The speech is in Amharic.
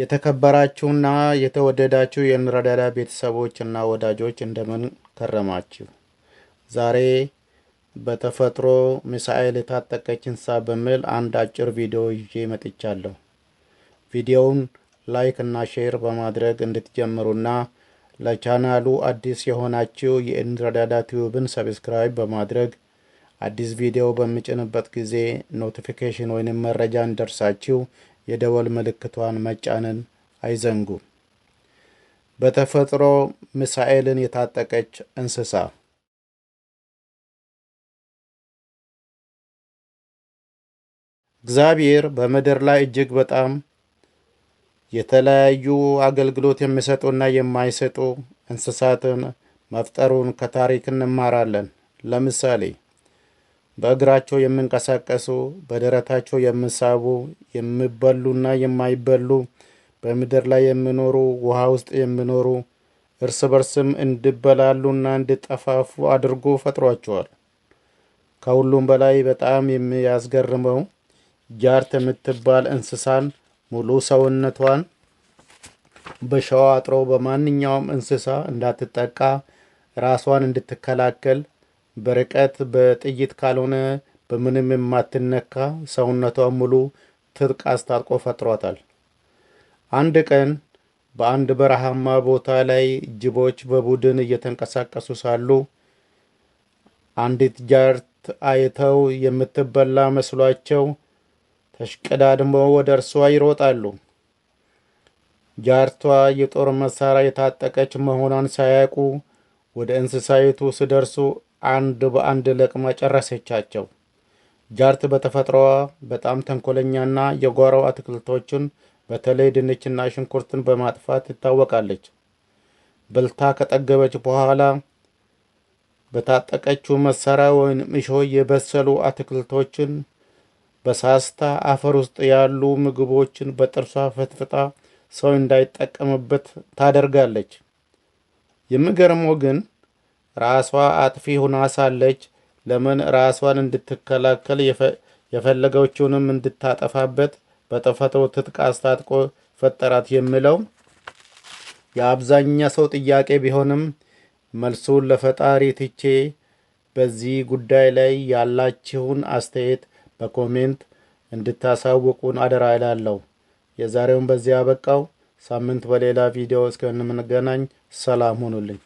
የተከበራችሁና የተወደዳችሁ የእንረዳዳ ቤተሰቦች እና ወዳጆች እንደምን ከረማችሁ? ዛሬ በተፈጥሮ ሚሳኤል የታጠቀች እንስሳ በሚል አንድ አጭር ቪዲዮ ይዤ መጥቻለሁ። ቪዲዮውን ላይክ እና ሼር በማድረግ እንድትጀምሩና ለቻናሉ አዲስ የሆናችሁ የእንረዳዳ ቲዩብን ሰብስክራይብ በማድረግ አዲስ ቪዲዮ በምጭንበት ጊዜ ኖቲፊኬሽን ወይንም መረጃ እንደርሳችሁ የደወል ምልክቷን መጫንን አይዘንጉ። በተፈጥሮ ሚሳኤልን የታጠቀች እንስሳ እግዚአብሔር በምድር ላይ እጅግ በጣም የተለያዩ አገልግሎት የሚሰጡና የማይሰጡ እንስሳትን መፍጠሩን ከታሪክ እንማራለን። ለምሳሌ በእግራቸው የሚንቀሳቀሱ በደረታቸው የሚሳቡ የሚበሉና የማይበሉ በምድር ላይ የሚኖሩ ውሃ ውስጥ የሚኖሩ እርስ በርስም እንድበላሉና እንዲጠፋፉ አድርጎ ፈጥሯቸዋል። ከሁሉም በላይ በጣም የሚያስገርመው ጃርት የምትባል እንስሳን ሙሉ ሰውነቷን በሸዋ አጥሮ በማንኛውም እንስሳ እንዳትጠቃ ራሷን እንድትከላከል በርቀት በጥይት ካልሆነ በምንም የማትነካ ሰውነቷ ሙሉ ትጥቅ አስታጥቆ ፈጥሯታል። አንድ ቀን በአንድ በረሃማ ቦታ ላይ ጅቦች በቡድን እየተንቀሳቀሱ ሳሉ አንዲት ጃርት አይተው የምትበላ መስሏቸው ተሽቀዳድመው ወደ እርሷ ይሮጣሉ። ጃርቷ የጦር መሳሪያ የታጠቀች መሆኗን ሳያውቁ ወደ እንስሳይቱ ስደርሱ አንድ በአንድ ለቅማ ጨረሰቻቸው። ጃርት በተፈጥሮዋ በጣም ተንኮለኛና የጓሮ አትክልቶችን በተለይ ድንችና ሽንኩርትን በማጥፋት ትታወቃለች። በልታ ከጠገበች በኋላ በታጠቀችው መሳሪያ ወይም እሾ የበሰሉ አትክልቶችን በሳስታ አፈር ውስጥ ያሉ ምግቦችን በጥርሷ ፍትፍጣ ሰው እንዳይጠቀምበት ታደርጋለች። የሚገርመው ግን ራሷ አጥፊ ሁና ሳለች ለምን ራሷን እንድትከላከል የፈለገችውንም እንድታጠፋበት በተፈጥሮ ትጥቅ አስታጥቆ ፈጠራት የሚለው የአብዛኛ ሰው ጥያቄ ቢሆንም መልሱን ለፈጣሪ ትቼ በዚህ ጉዳይ ላይ ያላችሁን አስተያየት በኮሜንት እንድታሳውቁን አደራ ይላለሁ። የዛሬውን በዚያ ያበቃው። ሳምንት በሌላ ቪዲዮ እስከምንገናኝ ሰላም ሆኑልኝ።